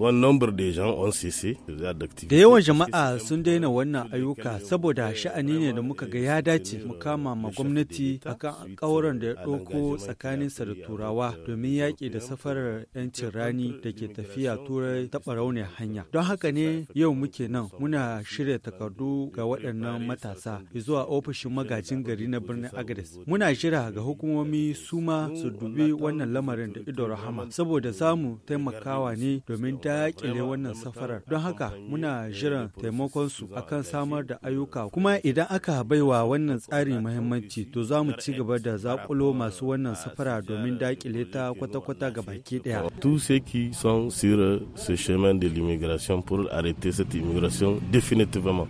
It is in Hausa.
Da yawan jama'a sun daina wannan ayyuka saboda sha'ani ne da muka ga ya dace mu kama ma gwamnati akan kauran da ya ɗauko tsakaninsa da turawa domin yaƙi da safarar 'yancin rani da ke tafiya turai taɓa raunin hanya. Don haka ne yau muke nan muna shirya takardu ga waɗannan matasa zuwa ofishin magajin gari na birnin agres Muna shirya ga hukumomi su ma su dubi wannan lamarin da ido rahama saboda samu taimakawa ne domin daƙile wannan safarar don haka muna jiran taimakon su akan samar da ayyuka kuma idan aka baiwa wannan tsari muhimmanci to za mu ci gaba da zakulo masu wannan safara domin dakile ta kwata-kwata ga baki daya. tu ce qui sont sur ce chemin de l'immigration pour arrêter cette immigration définitivement.